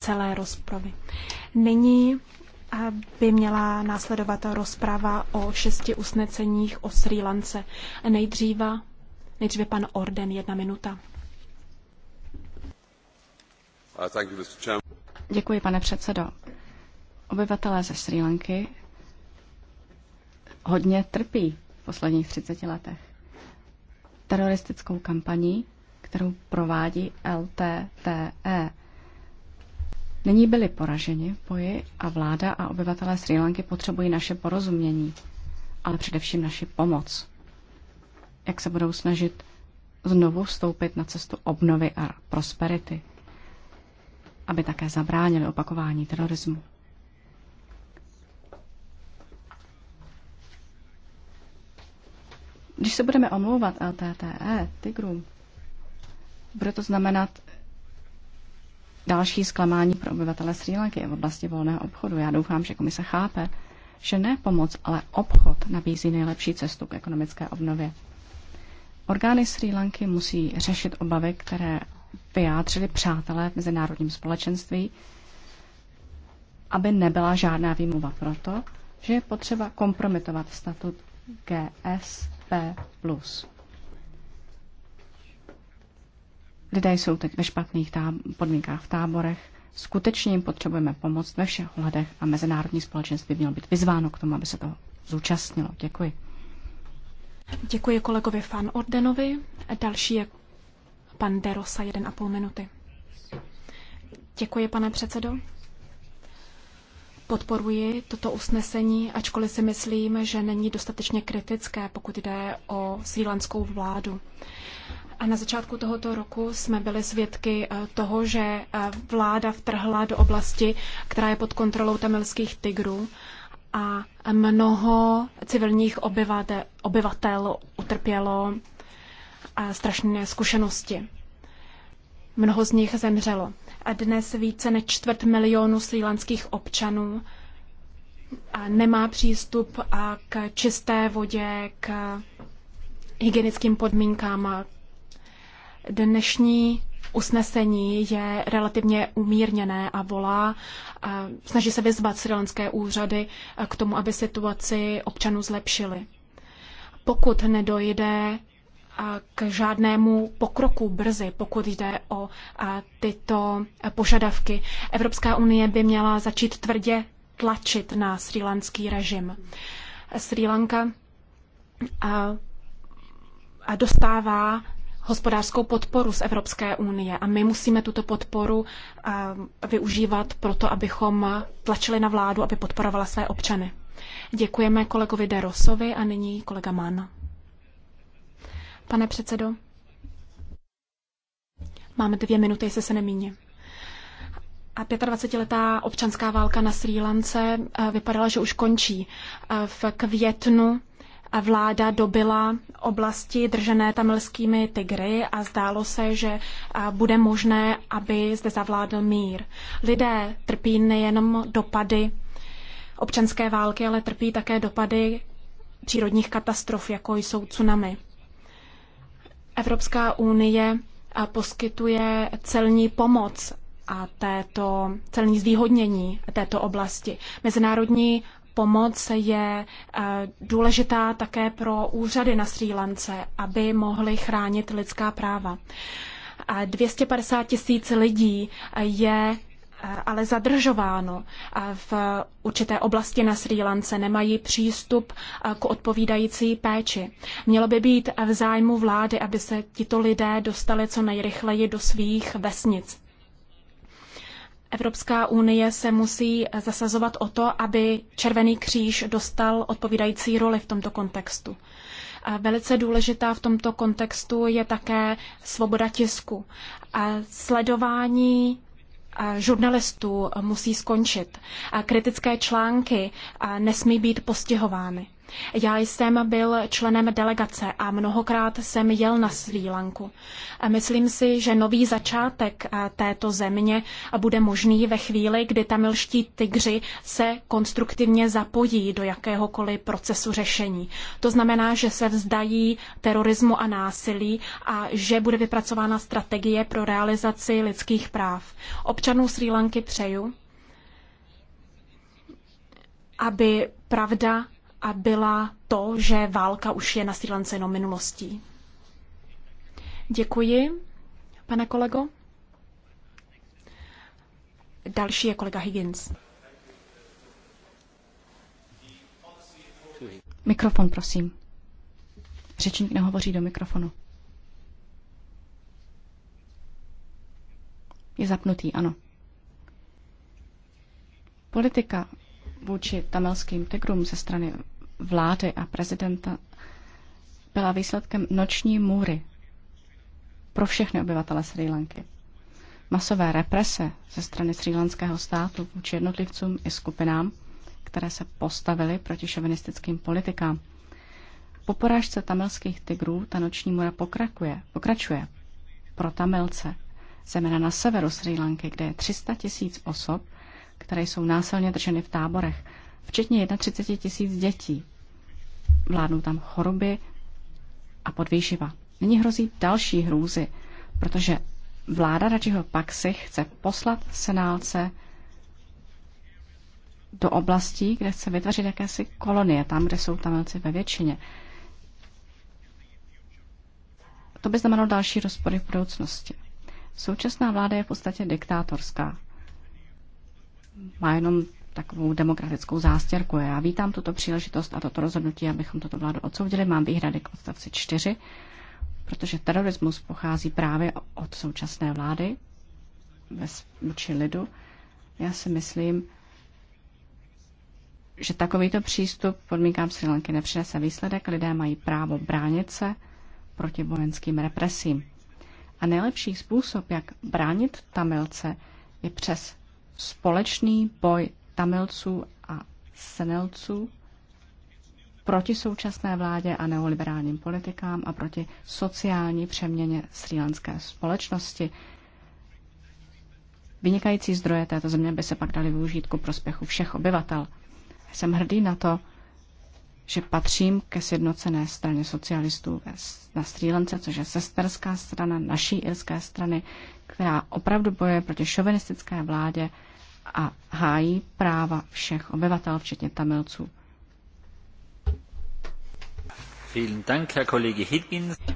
celé rozpravy. Nyní eh, by měla následovat rozprava o šesti usneceních o Sri Lance. Nejdříve, nejdříve pan Orden, jedna minuta. Uh, Děkuji, pane předsedo. Obyvatelé ze Sri Lanky hodně trpí v posledních 30 letech teroristickou kampaní, kterou provádí LTTE Nyní byli poraženi v boji a vláda a obyvatelé Sri Lanky potřebují naše porozumění, ale především naši pomoc. Jak se budou snažit znovu vstoupit na cestu obnovy a prosperity, aby také zabránili opakování terorismu. Když se budeme omlouvat LTTE, tigrům, bude to znamenat, další zklamání pro obyvatele Sri Lanky v oblasti volného obchodu. Já doufám, že komise chápe, že ne pomoc, ale obchod nabízí nejlepší cestu k ekonomické obnově. Orgány Sri Lanky musí řešit obavy, které vyjádřili přátelé v mezinárodním společenství, aby nebyla žádná výmluva proto, že je potřeba kompromitovat statut GSP+. Lidé jsou teď ve špatných podmínkách v táborech. Skutečně jim potřebujeme pomoc ve všech ohledech a mezinárodní společenství mělo být vyzváno k tomu, aby se toho zúčastnilo. Děkuji. Děkuji kolegovi Fan Ordenovi. Další je pan Derosa, jeden a půl minuty. Děkuji, pane předsedo. Podporuji toto usnesení, ačkoliv si myslím, že není dostatečně kritické, pokud jde o sílanskou vládu. A na začátku tohoto roku jsme byli svědky eh, toho, že eh, vláda vtrhla do oblasti, která je pod kontrolou tamilských tigrů a mnoho civilních obyvatel, obyvatel utrpělo eh, strašné zkušenosti. Mnoho z nich zemřelo. A dnes více než čtvrt milionu slílanských občanů nemá přístup k čisté vodě, k hygienickým podmínkám, Dnešní usnesení je relativně umírněné a volá, a snaží se vyzvat syrilské úřady k tomu, aby situaci občanů zlepšili. Pokud nedojde k žádnému pokroku brzy, pokud jde o tyto požadavky, Evropská unie by měla začít tvrdě tlačit na srílanský režim. Sri Lanka a dostává hospodářskou podporu z Evropské unie a my musíme tuto podporu eh, využívat proto, abychom tlačili na vládu, aby podporovala své občany. Děkujeme kolegovi Derosovi a nyní kolega Mána. Pane předsedo, máme dvě minuty, jestli se nemíně. A 25-letá občanská válka na Sri Lance eh, vypadala, že už končí. Eh, v květnu vláda dobila oblasti držené tamilskými tygry a zdálo se, že bude možné, aby zde zavládl mír. Lidé trpí nejenom dopady občanské války, ale trpí také dopady přírodních katastrof, jako jsou tsunami. Evropská unie poskytuje celní pomoc a této celní zvýhodnění této oblasti. Mezinárodní pomoc je eh, důležitá také pro úřady na Sri Lance, aby mohly chránit lidská práva. 250 tisíc lidí eh, je eh, ale zadržováno v určité oblasti na Sri Lance, nemají přístup k odpovídající péči. Mělo by být v zájmu vlády, aby se tito lidé dostali co nejrychleji do svých vesnic. Evropská unie se musí zasazovat o to, aby Červený kříž dostal odpovídající roli v tomto kontextu. Velice důležitá v tomto kontextu je také svoboda tisku. Sledování žurnalistů musí skončit. Kritické články nesmí být postihovány. Já jsem byl členem delegace a mnohokrát jsem jel na Sri Lanku. Myslím si, že nový začátek této země bude možný ve chvíli, kdy tamilští tygři se konstruktivně zapojí do jakéhokoliv procesu řešení. To znamená, že se vzdají terorismu a násilí a že bude vypracována strategie pro realizaci lidských práv. Občanů Sri Lanky přeju, aby pravda a byla to, že válka už je na Sri Lance jenom minulostí. Děkuji, pane kolego. Další je kolega Higgins. Mikrofon, prosím. Řečník nehovoří do mikrofonu. Je zapnutý, ano. Politika vůči tamelským tigrům ze strany vlády a prezidenta byla výsledkem noční můry pro všechny obyvatele Sri Lanky. Masové represe ze strany srílanského státu vůči jednotlivcům i skupinám, které se postavily proti šovinistickým politikám. Po porážce tamilských tigrů ta noční mura pokračuje, pokračuje pro Tamilce, zejména na severu Sri Lanky, kde je 300 tisíc osob, které jsou násilně drženy v táborech včetně 31 tisíc dětí. Vládnou tam choroby a podvýživa. Nyní hrozí další hrůzy, protože vláda Radžiho Paxi chce poslat senálce do oblastí, kde chce vytvořit jakési kolonie, tam, kde jsou tamilci ve většině. To by znamenalo další rozpory v budoucnosti. Současná vláda je v podstatě diktátorská. Má jenom takovou demokratickou zástěrku. Já vítám tuto příležitost a toto rozhodnutí, abychom toto vládu odsoudili. Mám výhrady k odstavci 4, protože terorismus pochází právě od současné vlády vůči lidu. Já si myslím, že takovýto přístup podmínkám Sri Lanky nepřinese výsledek. Lidé mají právo bránit se proti vojenským represím. A nejlepší způsob, jak bránit Tamilce, je přes společný boj Tamilců a Senelců proti současné vládě a neoliberálním politikám a proti sociální přeměně srílanské společnosti. Vynikající zdroje této země by se pak daly využít ku prospěchu všech obyvatel. Jsem hrdý na to, že patřím ke sjednocené straně socialistů na Sri Lance, což je sesterská strana naší irské strany, která opravdu boje proti šovinistické vládě a hájí práva všech obyvatel, včetně Tamilců.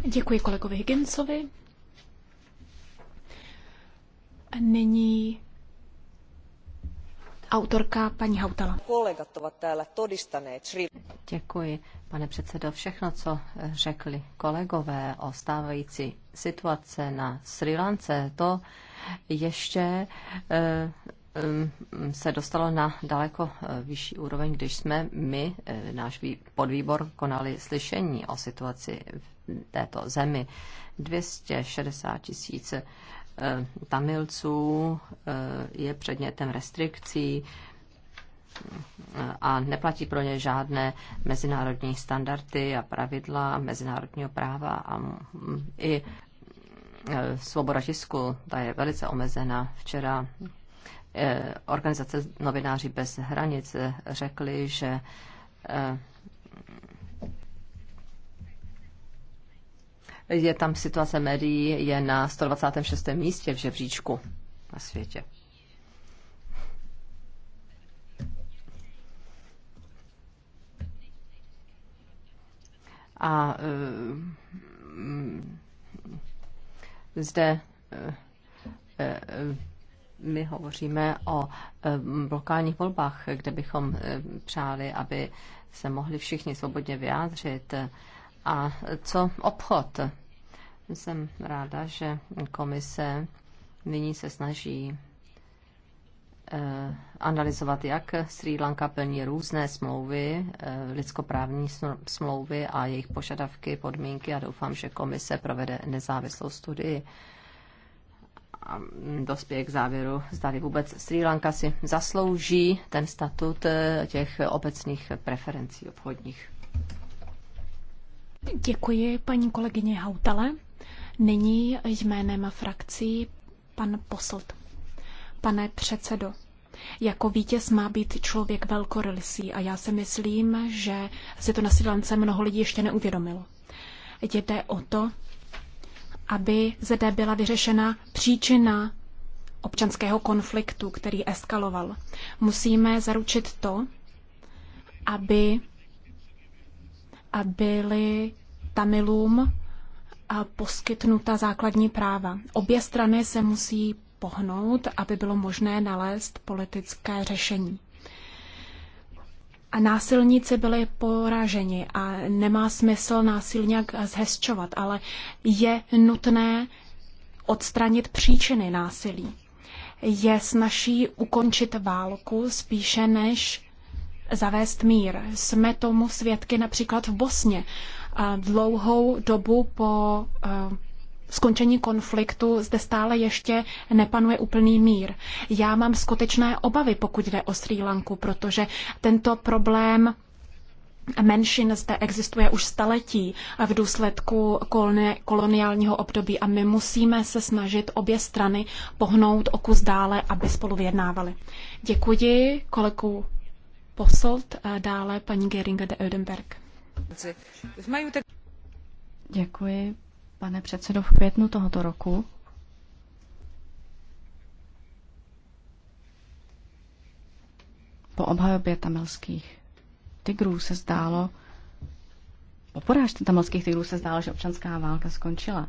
Děkuji kolegovi Higginsovi. Nyní autorka paní Hautala. Děkuji, pane předsedo. Všechno, co řekli kolegové o stávající situace na Sri Lance, to ještě eh, Ehm, se dostalo na daleko eh, vyšší úroveň, když jsme my, eh, náš podvýbor, konali slyšení o situaci v této zemi. 260 tisíc eh, Tamilců je předmětem restrikcí a neplatí pro ně žádné mezinárodní standardy a pravidla mezinárodního práva a mm, i svoboda tisku, ta je velice omezená. Včera Eh, organizace Novináři bez hranic eh, řekli, že eh, je tam situace médií je na 126. místě v žebříčku na světě. A mm, zde my hovoříme o lokálních volbách, kde bychom přáli, aby se mohli všichni svobodně vyjádřit. A co obchod? Jsem ráda, že komise nyní se snaží analyzovat, jak Sri Lanka plní různé smlouvy, lidskoprávní smlouvy a jejich požadavky, podmínky a doufám, že komise provede nezávislou studii a dospěje k závěru, zdali vůbec Sri Lanka si zaslouží ten statut eh, těch obecných preferencí obchodních. Děkuji paní kolegyně Hautale. Nyní jménem frakcí pan Posled. Pane předsedo, jako vítěz má být člověk velkorysý a já si myslím, že se to na Sri Lance mnoho lidí ještě neuvědomilo. Jde o to, aby zde byla vyřešena příčina občanského konfliktu, který eskaloval. Musíme zaručit to, aby, byly Tamilům poskytnuta základní práva. Obě strany se musí pohnout, aby bylo možné nalézt politické řešení. A násilníci byli poraženi a nemá smysl nějak zhezčovat, ale je nutné odstranit příčiny násilí. Je snaží ukončit válku spíše než zavést mír. Jsme tomu svědky například v Bosně. Dlouhou dobu po eh, skončení konfliktu zde stále ještě nepanuje úplný mír. Já mám skutečné obavy, pokud jde o Sri Lanku, protože tento problém menšin zde existuje už staletí v důsledku koloniálního období a my musíme se snažit obě strany pohnout o kus dále, aby spolu vyjednávali. Děkuji kolegu Posolt, a dále paní Geringa de Ödenberg. Děkuji, Pane předsedo, v květnu tohoto roku po obhajobě tamilských tigrů se zdálo, po porážce tamilských tigrů se zdálo, že občanská válka skončila.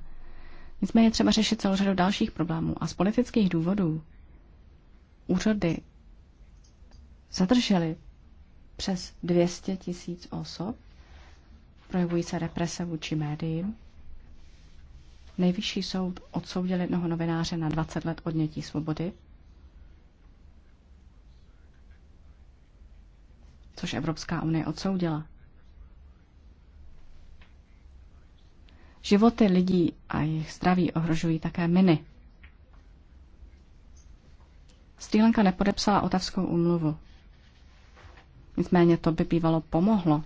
Nicméně třeba řešit celou řadu dalších problémů a z politických důvodů úřady zadržely přes 200 tisíc osob, projevují se represe vůči médiím, Nejvyšší soud odsoudil jednoho novináře na 20 let odnětí svobody, což Evropská unie odsoudila. Životy lidí a jejich zdraví ohrožují také miny. Sri nepodepsala otavskou umluvu. Nicméně to by bývalo pomohlo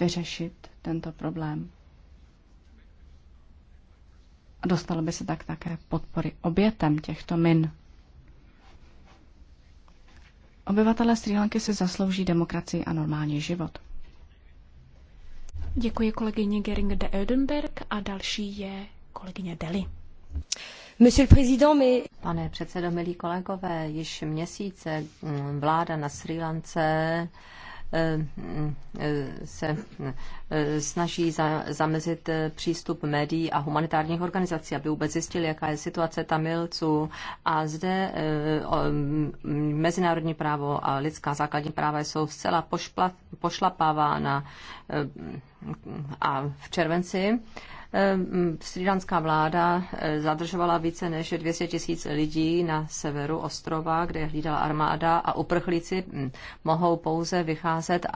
vyřešit tento problém a dostalo by se tak také podpory obětem těchto min. Obyvatelé Sri Lanky si zaslouží demokracii a normální život. Děkuji kolegyně Gering de Ödenberg a další je kolegyně Deli. Monsieur le Président, Pane předsedo, milí kolegové, již měsíce mm, vláda na Sri Lance Eh, mm, eh, se eh, snaží za, zamezit přístup médií a humanitárních organizací, aby vůbec zjistili, jaká je situace Tamilců. A zde mm, mezinárodní právo a lidská základní práva jsou zcela pošpla, pošlapávána. A v červenci Ehm, Střídanská vláda eh, zadržovala více než 200 tisíc lidí na severu ostrova, kde je hlídala armáda a uprchlíci hm, mohou pouze vycházet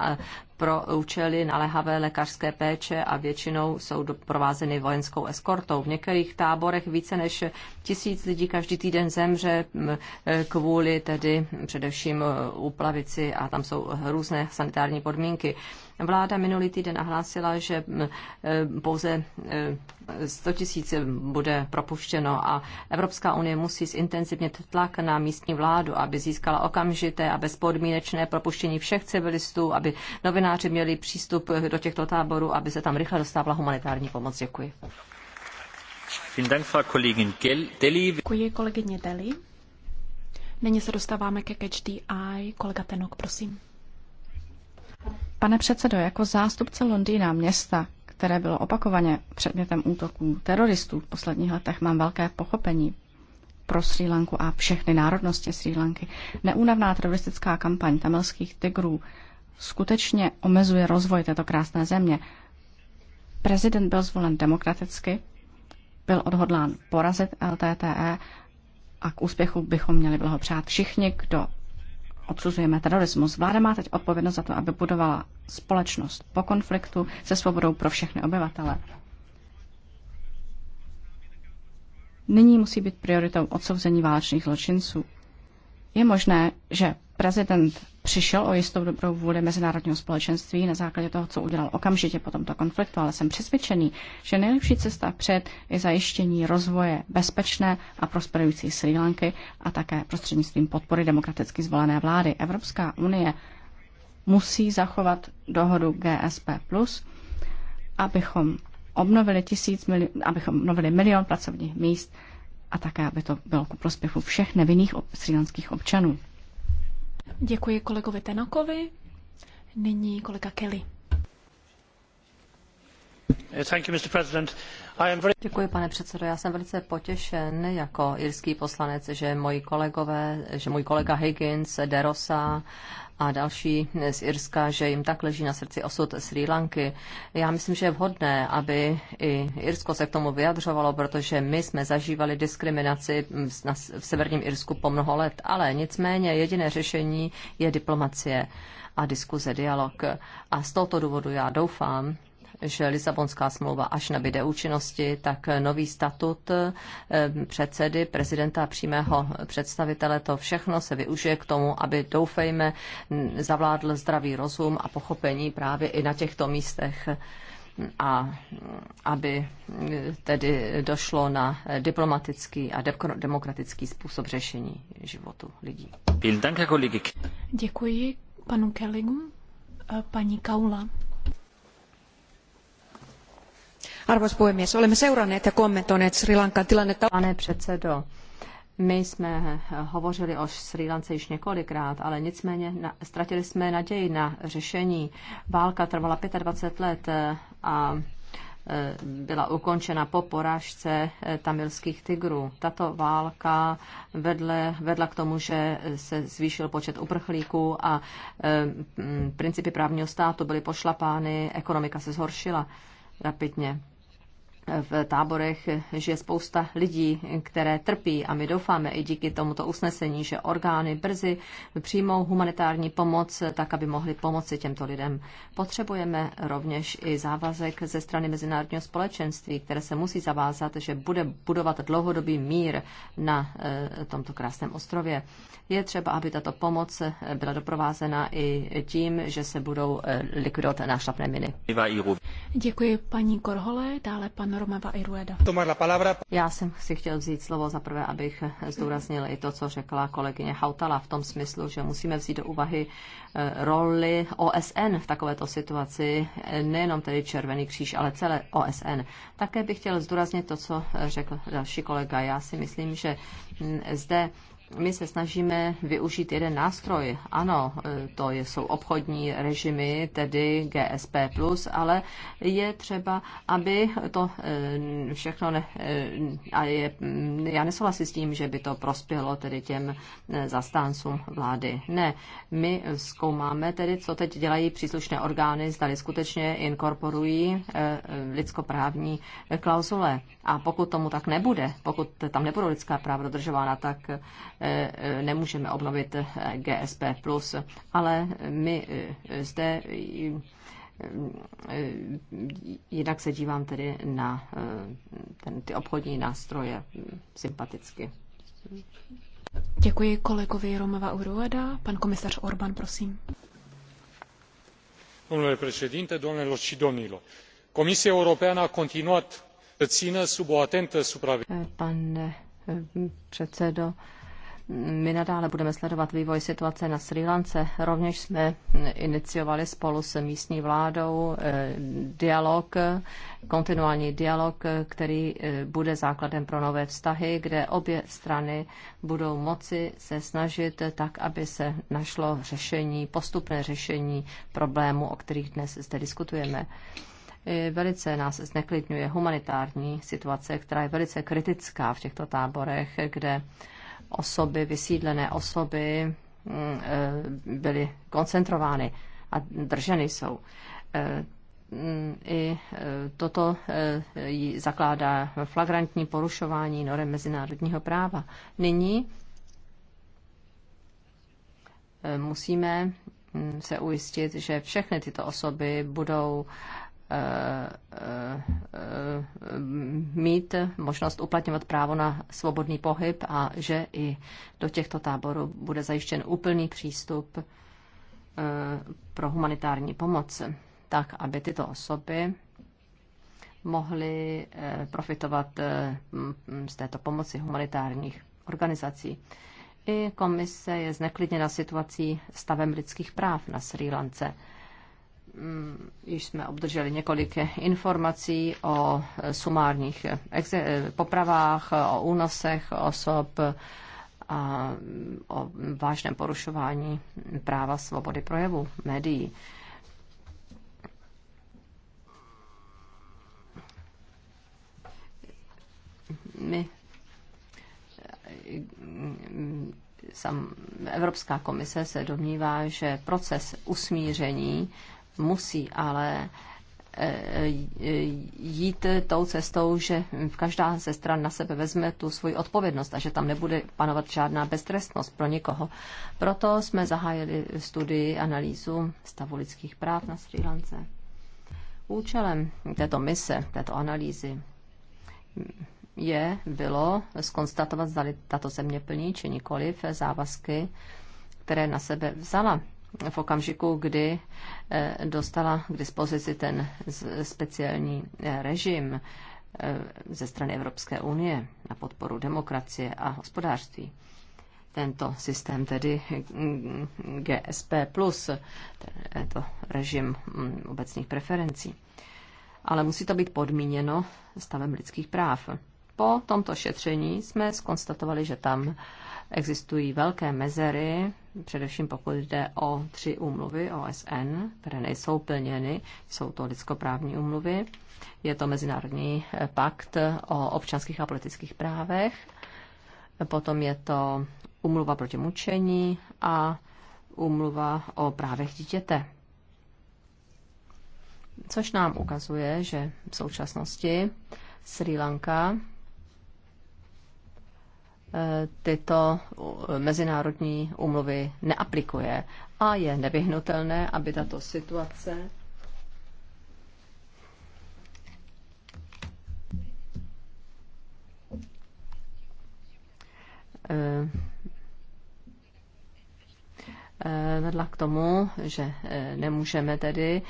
pro účely naléhavé lékařské péče a většinou jsou doprovázeny vojenskou eskortou. V některých táborech více než tisíc lidí každý týden zemře hm, eh, kvůli tedy především eh, úplavici a tam jsou různé sanitární podmínky. Vláda minulý týden nahlásila, že pouze 100 tisíc bude propuštěno a Evropská unie musí zintenzivnit tlak na místní vládu, aby získala okamžité a bezpodmínečné propuštění všech civilistů, aby novináři měli přístup do těchto táborů, aby se tam rychle dostávala humanitární pomoc. Děkuji. Děkuji kolegyně Deli. Nyní se dostáváme ke Catch Kolega Tenok, prosím. Pane předsedo, jako zástupce Londýna, města, které bylo opakovaně předmětem útoků teroristů v posledních letech, mám velké pochopení pro Sri Lanku a všechny národnosti Sri Lanky. Neúnavná teroristická kampaň tamilských tigrů skutečně omezuje rozvoj této krásné země. Prezident byl zvolen demokraticky, byl odhodlán porazit LTTE a k úspěchu bychom měli blahopřát všichni, kdo odsuzujeme terorismus. Vláda má teď odpovědnost za to, aby budovala společnost po konfliktu se svobodou pro všechny obyvatele. Nyní musí být prioritou odsouzení válečných zločinců. Je možné, že prezident přišel o jistou dobrou vůli mezinárodního společenství na základě toho, co udělal okamžitě po tomto konfliktu, ale jsem přesvědčený, že nejlepší cesta před je zajištění rozvoje bezpečné a prosperující Sri Lanky a také prostřednictvím podpory demokraticky zvolené vlády. Evropská unie musí zachovat dohodu GSP+, abychom obnovili, tisíc mili- abychom obnovili milion pracovních míst a také, aby to bylo ku prospěchu všech nevinných srílanských občanů. Děkuji kolegovi Tenokovi. Nyní kolega Kelly. Děkuji, pane předsedo. Já jsem velice potěšen jako irský poslanec, že moji kolegové, že můj kolega Higgins, Derosa a další z Irska, že jim tak leží na srdci osud Sri Lanky. Já myslím, že je vhodné, aby i Irsko se k tomu vyjadřovalo, protože my jsme zažívali diskriminaci v severním Irsku po mnoho let, ale nicméně jediné řešení je diplomacie a diskuze, dialog. A z tohoto důvodu já doufám, že Lisabonská smlouva až nabide účinnosti, tak nový statut eh, předsedy, prezidenta přímého představitele, to všechno se využije k tomu, aby doufejme zavládl zdravý rozum a pochopení právě i na těchto místech a aby eh, tedy došlo na diplomatický a demokratický způsob řešení životu lidí. Děkuji panu Kelligu, paní Kaula. Arvoisa puhemies, olemme seuranneet ja kommentoineet Sri Lankan tilannetta. Pane předsedo, my jsme hovořili o Sri Lance již několikrát, ale nicméně ztratili jsme naději na řešení. Válka trvala 25 let eh, a eh, byla ukončena po porážce eh, tamilských tigrů. Tato válka vedle, vedla k tomu, že se zvýšil počet uprchlíků a principy právního státu byly pošlapány, ekonomika se zhoršila rapidně v táborech že spousta lidí, které trpí a my doufáme i díky tomuto usnesení, že orgány brzy přijmou humanitární pomoc, tak aby mohli pomoci těmto lidem. Potřebujeme rovněž i závazek ze strany mezinárodního společenství, které se musí zavázat, že bude budovat dlouhodobý mír na eh, tomto krásném ostrově. Je třeba, aby tato pomoc eh, byla doprovázena i tím, že se budou eh, likvidovat nášlapné miny. Děkuji paní Korhole, dále pan Romava Irueda. Já jsem si chtěl vzít slovo za prvé, abych zdůraznil i to, co řekla kolegyně Hautala v tom smyslu, že musíme vzít do úvahy eh, roli OSN v takovéto situaci, nejenom tedy Červený kříž, ale celé OSN. Také bych chtěl zdůraznit to, co řekl další kolega. Já si myslím, že mm, zde my se snažíme využít jeden nástroj. Ano, e, to jsou obchodní režimy, tedy GSP+, ale je třeba, aby to e, všechno... Ne, e, a je, já nesouhlasím s tím, že by to prospělo tedy těm zastáncům vlády. Ne, my zkoumáme tedy, co teď dělají příslušné orgány, zdali skutečně inkorporují lidskoprávní klauzule. A pokud tomu tak nebude, pokud tam nebudou lidská práva dodržována, tak Eh, eh, nemůžeme obnovit eh, GSP+, ale my zde jinak se dívám tedy na ten, ty obchodní nástroje hm, sympaticky. Děkuji kolegovi romova Uruada. Pan komisař Orban, prosím. Domnule președinte, domnilor și domnilor, Comisia Europeană a continuat să țină sub o atentă supraveghere. Hm, předsedo, my nadále budeme sledovat vývoj situace na Sri Lance. Rovněž jsme iniciovali spolu s místní vládou eh, dialog, kontinuální dialog, eh, který eh, bude základem pro nové vztahy, kde obě strany budou moci se snažit tak, aby se našlo řešení, postupné řešení problému, o kterých dnes zde diskutujeme. Velice nás zneklidňuje humanitární situace, která je velice kritická v těchto táborech, kde osoby, vysídlené osoby mm, e, byly koncentrovány a drženy jsou. E, mm, I e, toto zakládá flagrantní porušování norem mezinárodního práva. Nyní musíme mm, se ujistit, že všechny tyto osoby budou Eh, eh, mít možnost uplatňovat právo na svobodný pohyb a že i do těchto táborů bude zajištěn úplný přístup eh, pro humanitární pomoc, tak aby tyto osoby mohly profitovat z této pomoci humanitárních organizací. I komise je zneklidněna situací stavem lidských práv na Sri Lance. Mm, již jsme obdrželi několik informací o sumárních popravách, o únosech osob, a o vážném porušování práva svobody projevu médií. My, sam, Evropská komise se domnívá, že proces usmíření musí ale e, e, jít tou cestou, že každá ze stran na sebe vezme tu svoji odpovědnost a že tam nebude panovat žádná beztrestnost pro nikoho. Proto jsme zahájili studii analýzu stavu lidských práv na Sri Lance. Účelem této mise, této analýzy je, bylo skonstatovat, zda tato země plní či nikoliv závazky, které na sebe vzala v okamžiku, kdy eh, dostala k dispozici ten speciální eh, režim eh, ze strany Evropské unie na podporu demokracie a hospodářství. Tento systém, tedy mm, GSP, to režim mm, obecných preferencí. Ale musí to být podmíněno stavem lidských práv. Po tomto šetření jsme skonstatovali, že tam existují velké mezery především pokud jde o tři úmluvy OSN, které nejsou plněny, jsou to lidskoprávní úmluvy, je to Mezinárodní pakt o občanských a politických právech, potom je to úmluva proti mučení a úmluva o právech dítěte. Což nám ukazuje, že v současnosti Sri Lanka tyto mezinárodní úmluvy neaplikuje a je nevyhnutelné, aby tato situace eh, eh, vedla k tomu, že eh, nemůžeme tedy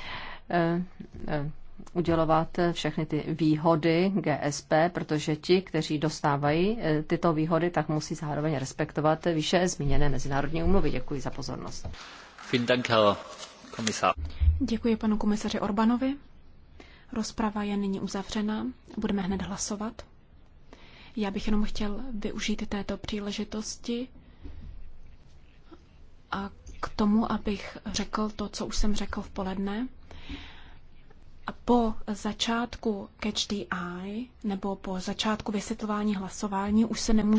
udělovat všechny ty výhody GSP, protože ti, kteří dostávají eh, tyto výhody, tak musí zároveň respektovat výše zmíněné mezinárodní umluvy. Děkuji za pozornost. Děkuji panu komisaři Orbanovi. Rozprava je nyní uzavřena. Budeme hned hlasovat. Já bych jenom chtěl využít této příležitosti a k tomu, abych řekl to, co už jsem řekl v poledne po začátku catch the eye nebo po začátku vysvětlování hlasování už se nemůže